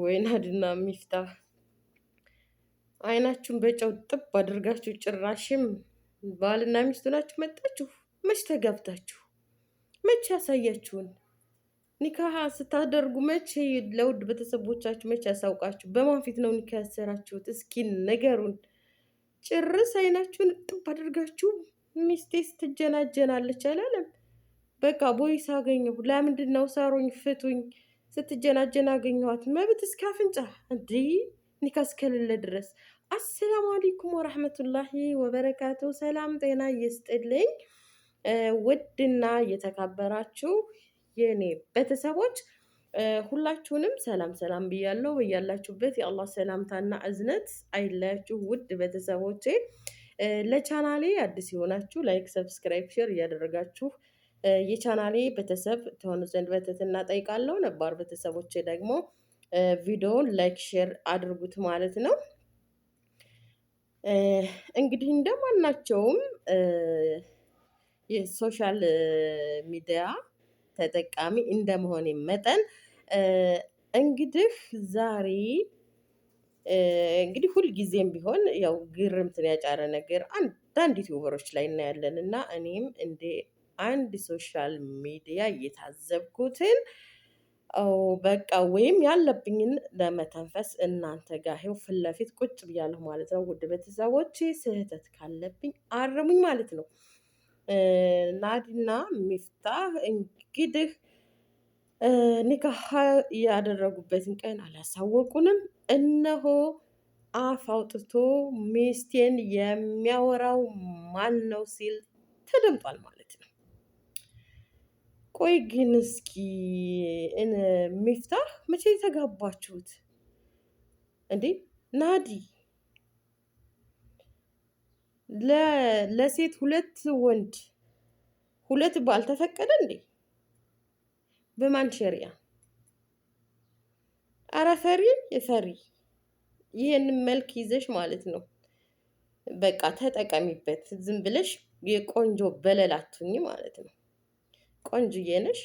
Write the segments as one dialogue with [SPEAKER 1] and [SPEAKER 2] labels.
[SPEAKER 1] ወይ ናድና ሚፍታ አይናችሁን በጨው ጥብ አድርጋችሁ ጭራሽም ባልና ሚስቱ ናችሁ መጣችሁ። መች ተጋብታችሁ መች ያሳያችሁን ኒካ ስታደርጉ መቼ ለውድ ቤተሰቦቻችሁ መቼ ያሳውቃችሁ? በማን ፊት ነው ኒካ ያሰራችሁት? እስኪን ነገሩን ጭርስ አይናችሁን ጥብ አድርጋችሁ ሚስቴስ ትጀናጀናለች አላለም። በቃ ቦይስ አገኘሁ። ለምንድን ነው ሳሩኝ፣ ፍቱኝ ስትጀናጀን አገኘዋት መብት እስከ አፍንጫ እንዲ ኒካ እስከሌለ ድረስ። አሰላሙ አለይኩም ወራህመቱላሂ ወበረካቱ። ሰላም ጤና ይስጥልኝ። ውድና የተካበራችሁ የኔ ቤተሰቦች ሁላችሁንም ሰላም ሰላም ብያለሁ። በያላችሁበት የአላህ ሰላምታና እዝነት አይለያችሁ። ውድ ቤተሰቦቼ ለቻናሌ አዲስ የሆናችሁ ላይክ፣ ሰብስክራይብ፣ ሼር እያደረጋችሁ የቻናሌ ቤተሰብ ትሆኑ ዘንድ በትህትና ጠይቃለሁ። ነባር ቤተሰቦች ደግሞ ቪዲዮውን ላይክ፣ ሼር አድርጉት ማለት ነው። እንግዲህ እንደማናቸውም የሶሻል ሚዲያ ተጠቃሚ እንደመሆኔ መጠን እንግዲህ ዛሬ እንግዲህ ሁልጊዜም ቢሆን ያው ግርምትን ያጫረ ነገር አንዳንድ ዩቲዩበሮች ላይ እናያለን እና እኔም እንዴ አንድ ሶሻል ሚዲያ እየታዘብኩትን በቃ ወይም ያለብኝን ለመተንፈስ እናንተ ጋር ይኸው ፊት ለፊት ቁጭ ብያለሁ ማለት ነው። ውድ ቤተሰቦች ስህተት ካለብኝ አርሙኝ ማለት ነው። ናዲና ሚፍታህ እንግዲህ ኒካህ ያደረጉበትን ቀን አላሳወቁንም። እነሆ አፍ አውጥቶ ሚስቴን የሚያወራው ማን ነው ሲል ተደምጧል ማለት ነው። ቆይ ግን እስኪ ሚፍታህ መቼ የተጋባችሁት እንዴ? ናዲ ለሴት ሁለት ወንድ ሁለት ባል ተፈቀደ እንዴ? በማን ሸሪያ? አረ ፈሪ ፈሪ! ይህን መልክ ይዘሽ ማለት ነው። በቃ ተጠቀሚበት። ዝም ብለሽ የቆንጆ በለላቱኝ ማለት ነው። ቆንጅዬ ነሽ?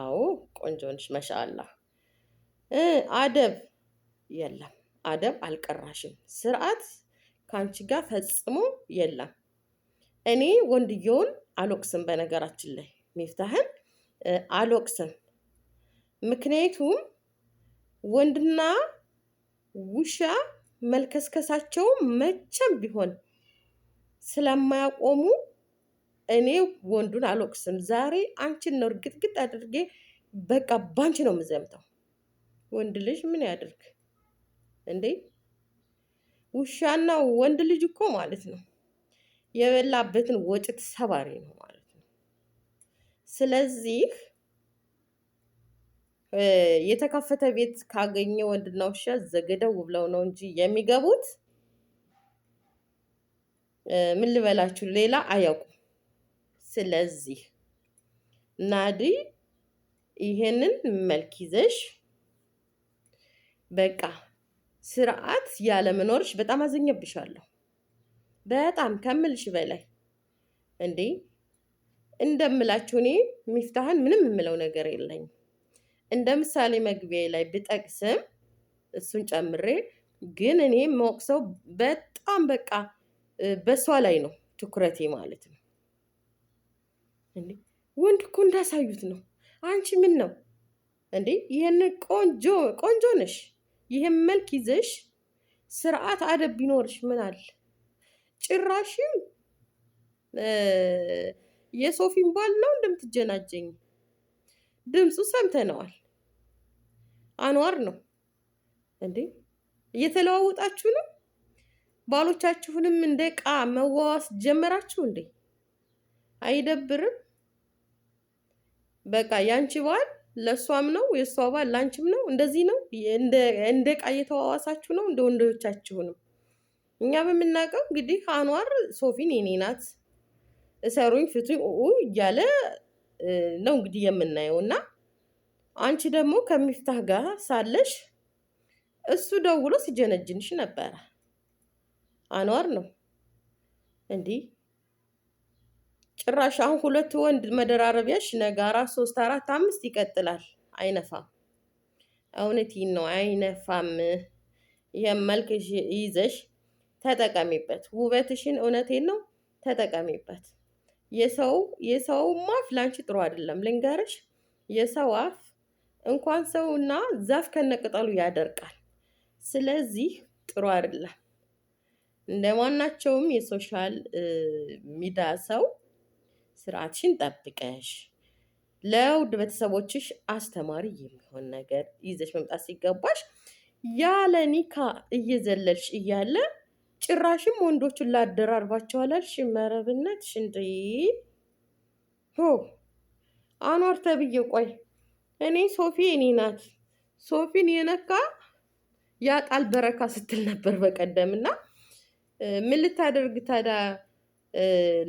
[SPEAKER 1] አዎ ቆንጆ ነሽ። መሻአላ አደብ የለም፣ አደብ አልቀራሽም። ስርዓት ከአንቺ ጋር ፈጽሞ የለም። እኔ ወንድየውን አልወቅስም፣ በነገራችን ላይ ሚፍታህን አልወቅስም። ምክንያቱም ወንድና ውሻ መልከስከሳቸው መቼም ቢሆን ስለማያቆሙ እኔ ወንዱን አልወቅስም። ዛሬ አንቺን ነው እርግጥግጥ አድርጌ በቃ ባንቺ ነው የምዘምተው። ወንድ ልጅ ምን ያድርግ እንዴ? ውሻና ወንድ ልጅ እኮ ማለት ነው የበላበትን ወጭት ሰባሪ ነው ማለት ነው። ስለዚህ የተከፈተ ቤት ካገኘ ወንድና ውሻ ዘገደው ብለው ነው እንጂ የሚገቡት። ምን ልበላችሁ፣ ሌላ አያውቁም። ስለዚህ ናዲ ይሄንን መልክ ይዘሽ በቃ ስርዓት ያለመኖርሽ በጣም አዘኘብሻለሁ። በጣም ከምልሽ በላይ እንዴ እንደምላችሁ እኔ ሚፍታህን ምንም የምለው ነገር የለኝም። እንደ ምሳሌ መግቢያ ላይ ብጠቅስም እሱን ጨምሬ ግን እኔ መወቅሰው በጣም በቃ በእሷ ላይ ነው ትኩረቴ ማለት ነው። እንዴ ወንድ እኮ እንዳሳዩት ነው። አንቺ ምን ነው እንዴ? ይህን ቆንጆ ቆንጆ ነሽ፣ ይህን መልክ ይዘሽ ስርዓት አደብ ቢኖርሽ ምን አለ? ጭራሽም የሶፊን ባል ነው እንደምትጀናጀኝ ድምፁ ሰምተነዋል። አንዋር ነው እንዴ? እየተለዋወጣችሁ ነው። ባሎቻችሁንም እንደ ዕቃ መዋዋስ ጀመራችሁ እንዴ? አይደብርም? በቃ ያንቺ ባል ለእሷም ነው፣ የእሷ ባል ለአንቺም ነው። እንደዚህ ነው፣ እንደ ዕቃ እየተዋዋሳችሁ ነው፣ እንደ ወንዶቻችሁ ነው። እኛ በምናውቀው እንግዲህ አንዋር ሶፊን የኔ ናት እሰሩኝ ፍቱኝ እያለ ነው እንግዲህ የምናየው እና አንቺ ደግሞ ከሚፍታህ ጋር ሳለሽ እሱ ደውሎ ሲጀነጅንሽ ነበረ። አንዋር ነው እንዲህ ጭራሽ አሁን ሁለት ወንድ መደራረቢያሽ ነገ አራት ሶስት አራት አምስት ይቀጥላል። አይነፋም፣ እውነቴን ነው አይነፋም። ይህም መልክ ይዘሽ ተጠቀሚበት፣ ውበትሽን እውነቴን ነው ተጠቀሚበት። የሰው የሰው አፍ ላንቺ ጥሩ አይደለም ልንገርሽ። የሰው አፍ እንኳን ሰውና ዛፍ ከነቅጠሉ ያደርቃል። ስለዚህ ጥሩ አይደለም። እንደማናቸውም የሶሻል ሚዲያ ሰው ስርዓትሽን ጠብቀሽ ለውድ ቤተሰቦችሽ አስተማሪ የሚሆን ነገር ይዘሽ መምጣት ሲገባሽ ያለ ኒካ እየዘለልሽ እያለ ጭራሽም ወንዶቹን ላደራርባቸው አላልሽ። መረብነት ሽንድ ሆ አኗር ተብዬ ቆይ እኔ ሶፊ እኔ ናት ሶፊን የነካ ያጣል በረካ ስትል ነበር በቀደምና ምን ልታደርግ ታዲያ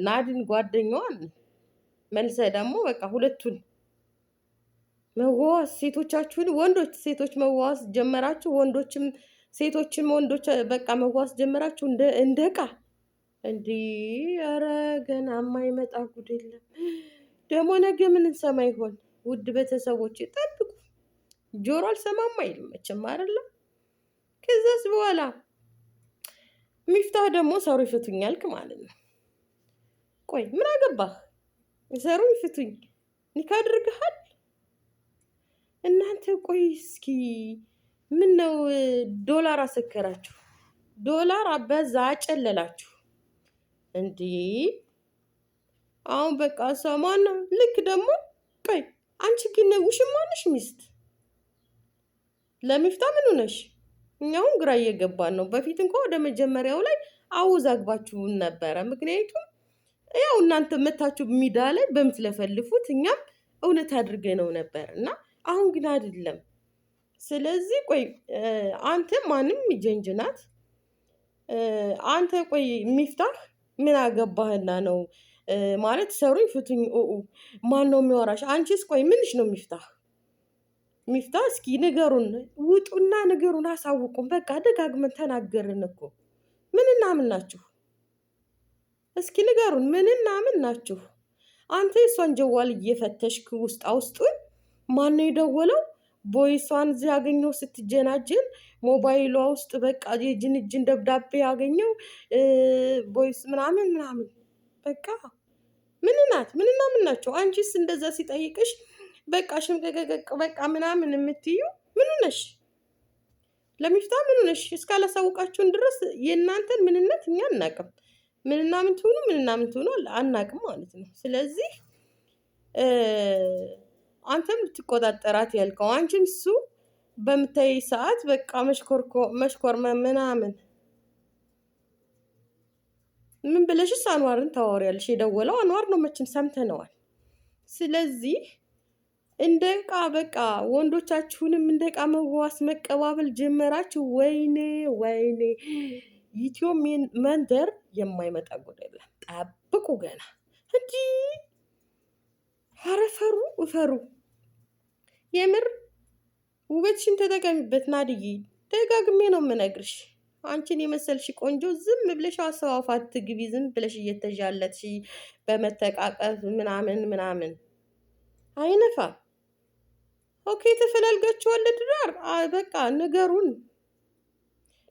[SPEAKER 1] ናድን ጓደኛዋን መልሰ ደግሞ በቃ ሁለቱን መዋዋስ ሴቶቻችሁን ወንዶች ሴቶች መዋዋስ ጀመራችሁ። ወንዶችም ሴቶችም ወንዶች በቃ መዋዋስ ጀመራችሁ። እንደ እንዲ ዕቃ እንዲህ ኧረ ገና የማይመጣ ጉድ የለም። ደግሞ ነገ ምን እንሰማ ይሆን? ውድ ቤተሰቦች ጠብቁ። ጆሮ አልሰማም አይልም መቼም አይደለ። ከዛስ በኋላ ሚፍታህ ደግሞ ሰሩ ይፈቱኛልክ ማለት ነው። ቆይ ምን አገባህ? ዘሩኝ ፍቱኝ። ኒካ አድርገሃል? እናንተ ቆይ እስኪ ምን ነው ዶላር አሰከራችሁ? ዶላር አበዛ አጨለላችሁ። እንዴ አሁን በቃ ሰማና ልክ ደግሞ ቆይ አንቺ ግን ውሽማንሽ ሚስት ለሚፍታ ምኑ ነሽ? እኛውን ግራ እየገባን ነው። በፊት እንኳ ወደ መጀመሪያው ላይ አወዛግባችሁን ነበረ ምክንያቱም ያው እናንተ መታችሁ ሜዳ ላይ በምትለፈልፉት እኛም እውነት አድርገነው ነው ነበር እና አሁን ግን አይደለም። ስለዚህ ቆይ አንተ ማንም ጀንጅናት አንተ ቆይ የሚፍታህ ምን አገባህና ነው ማለት ሰሩኝ ፍቱኝ ማን ነው የሚወራሽ? አንቺስ ቆይ ምንሽ ነው የሚፍታህ ሚፍታ እስኪ ንገሩን፣ ውጡና ንገሩን፣ አሳውቁን። በቃ ደጋግመን ተናገርን እኮ ምን እናምናችሁ? እስኪ ንገሩን። ምንና ምን ናችሁ? አንተ የሷን ጀዋል እየፈተሽክ ውስጣ ውስጡን ነው የደወለው? ቦይሷን እዚህ ያገኘው ስትጀናጅን ሞባይሏ ውስጥ በቃ የጅንጅን ደብዳቤ ያገኘው ቦይስ ምናምን ምናምን በቃ ምንናት ምንና ምን ናቸው? አንቺስ እንደዛ ሲጠይቅሽ በቃ ሽምቀቀቀቅ በቃ ምናምን የምትዩ ምኑ ነሽ? ለሚፍታ ምኑ ነሽ? እስካላሳውቃችሁን ድረስ የእናንተን ምንነት እኛ አናውቅም። ምንና ምን ትሆኑ ምንና ምን ትሆኑ አናቅም ማለት ነው። ስለዚህ አንተም ልትቆጣጠራት ያልከው አንቺም እሱ በምታይ ሰዓት በቃ መሽኮር ምናምን ምን ብለሽስ አንዋርን ታወሪያለሽ? የደወለው አንዋር ነው መቼም ሰምተነዋል። ስለዚህ እንደ ዕቃ በቃ ወንዶቻችሁንም እንደ ዕቃ መዋስ መቀባበል ጀመራችሁ። ወይኔ ወይኔ ኢትዮ መንደር የማይመጣ ጉድ የለም። ጠብቁ ገና እንዲህ ኧረ ፈሩ እፈሩ። የምር ውበትሽን ተጠቀሚበት ናድዬ፣ ደጋግሜ ነው የምነግርሽ። አንቺን የመሰልሽ ቆንጆ ዝም ብለሽ አሰዋፋት ግቢ። ዝም ብለሽ እየተዣለትሽ በመተቃቀፍ ምናምን ምናምን አይነፋ። ኦኬ ተፈላልጋችኋል። ድራር በቃ ንገሩን።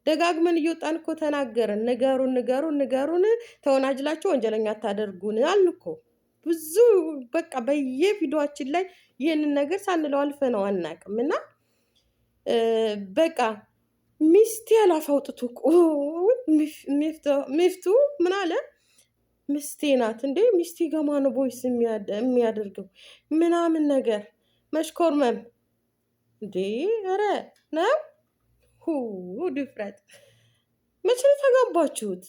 [SPEAKER 1] ደጋግመን እየወጣን እኮ ተናገርን። ንገሩን፣ ንገሩን፣ ንገሩን፣ ተወናጅላችሁ ወንጀለኛ አታደርጉን አልን እኮ ብዙ በቃ በየቪዲዮችን ላይ ይህንን ነገር ሳንለው አልፈነው አናውቅም። እና በቃ ሚስቴ ያላፋውጥቱ ሚፍቱ ምን አለ ሚስቴ ናት እንዴ ሚስቴ ጋማ ቦይስ የሚያደርገው ምናምን ነገር መሽኮርመም እንዴ ኧረ ነው ሁ ድፍረት! መቼ ነው የተጋባችሁት?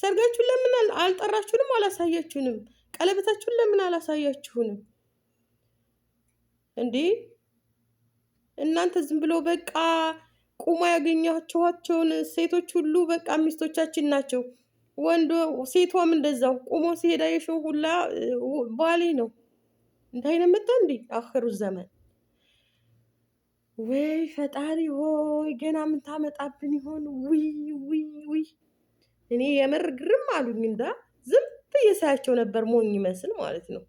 [SPEAKER 1] ሰርጋችሁን ለምን አልጠራችሁንም? አላሳያችሁንም? ቀለበታችሁን ለምን አላሳያችሁንም? እንዴ እናንተ ዝም ብሎ በቃ ቁማ ያገኛችኋቸውን ሴቶች ሁሉ በቃ ሚስቶቻችን ናቸው። ወንዶ ሴቷም እንደዛው ቁሞ ሲሄዳ የሾው ሁላ ባሌ ነው። እንታይ መጣ እንዴ አኸሩ ዘመን ወይ ፈጣሪ ሆይ ገና ምን ታመጣብን ይሆን? ውይ ውይ ውይ! እኔ የምር ግርም አሉኝ። እንዳ ዝም ብዬ ሳያቸው ነበር ሞኝ ይመስል ማለት ነው።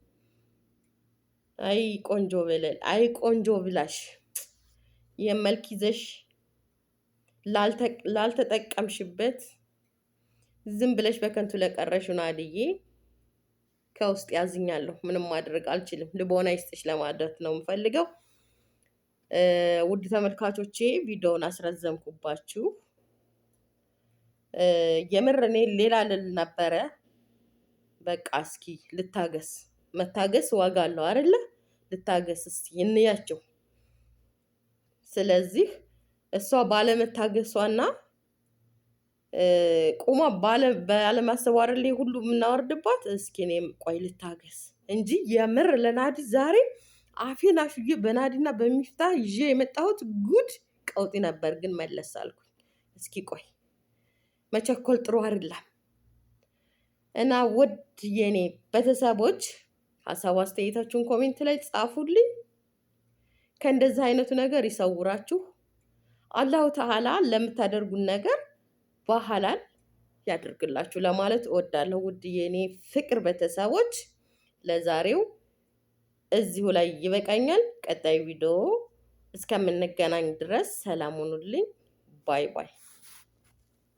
[SPEAKER 1] አይ ቆንጆ በለል፣ አይ ቆንጆ ብላሽ፣ የመልክ ይዘሽ ላልተጠቀምሽበት ዝም ብለሽ በከንቱ ለቀረሽ ናልዬ ከውስጥ ያዝኛለሁ። ምንም ማድረግ አልችልም። ልቦና ይስጥሽ ለማድረግ ነው የምፈልገው። ውድ ተመልካቾቼ ቪዲዮውን አስረዘምኩባችሁ። የምር እኔ ሌላ ልል ነበረ። በቃ እስኪ ልታገስ፣ መታገስ ዋጋ አለው አይደለ? ልታገስ እስኪ እንያቸው። ስለዚህ እሷ ባለመታገሷና ቁማ ባለማሰቡ አይደል ሁሉ የምናወርድባት። እስኪ እኔም ቆይ ልታገስ እንጂ የምር ለናዲ ዛሬ አፌን አሹዬ በናዲና በሚፍታ ይዤ የመጣሁት ጉድ ቀውጢ ነበር፣ ግን መለስ አልኩኝ። እስኪ ቆይ መቸኮል ጥሩ አይደለም እና ውድ የኔ ቤተሰቦች ሀሳብ አስተያየታችሁን ኮሜንት ላይ ጻፉልኝ። ከእንደዚህ አይነቱ ነገር ይሰውራችሁ። አላሁ ተዓላ ለምታደርጉን ነገር ባህላል ያደርግላችሁ ለማለት እወዳለሁ። ውድ የኔ ፍቅር ቤተሰቦች ለዛሬው እዚሁ ላይ ይበቃኛል። ቀጣይ ቪዲዮ እስከምንገናኝ ድረስ ሰላም ሁኑልኝ። ባይ ባይ።